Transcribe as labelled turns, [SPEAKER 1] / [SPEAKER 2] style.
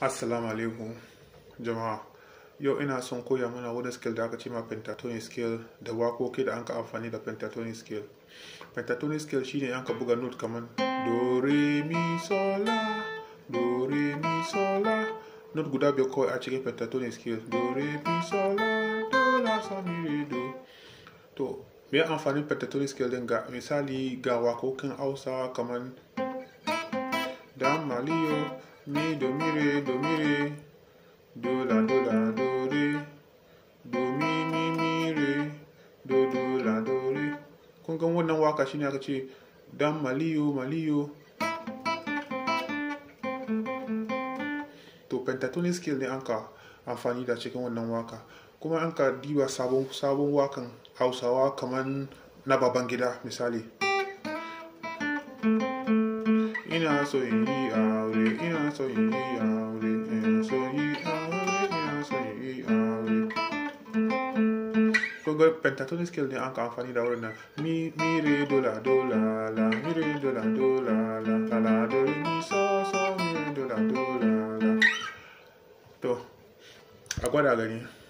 [SPEAKER 1] assalamu alaikum jama'a yau ina son koya mana wani skill da aka ce ma pentatonic skill da wakoki da an ka amfani da pentatonic skill pentatonic scale shine an ka buga note kaman do re mi sol la do re mi sol la note guda biyar kawai a cikin pentatonic skill do re mi sol la do la sa mi re do to me amfanin pentatonic skill din ga misali ga wakokin hausa kaman mi do mi re do mi re do la do la do re do mi mi mi re do do la do re kun ga wannan waka shine aka ce dan maliyo maliyo to pentatonic scale ne an ka amfani da cikin wannan waka kuma an ka diba sabon sabon wakan hausawa kaman na babangida misali ina so in yi aure ina so in yi aure ina so yi aure ina so yi aure kun ga pentatonic scale ne an ka amfani da wurin nan mi mi re do la do la la mi re do la do la la la la do re mi so so mi re do la do la la to a gwada gani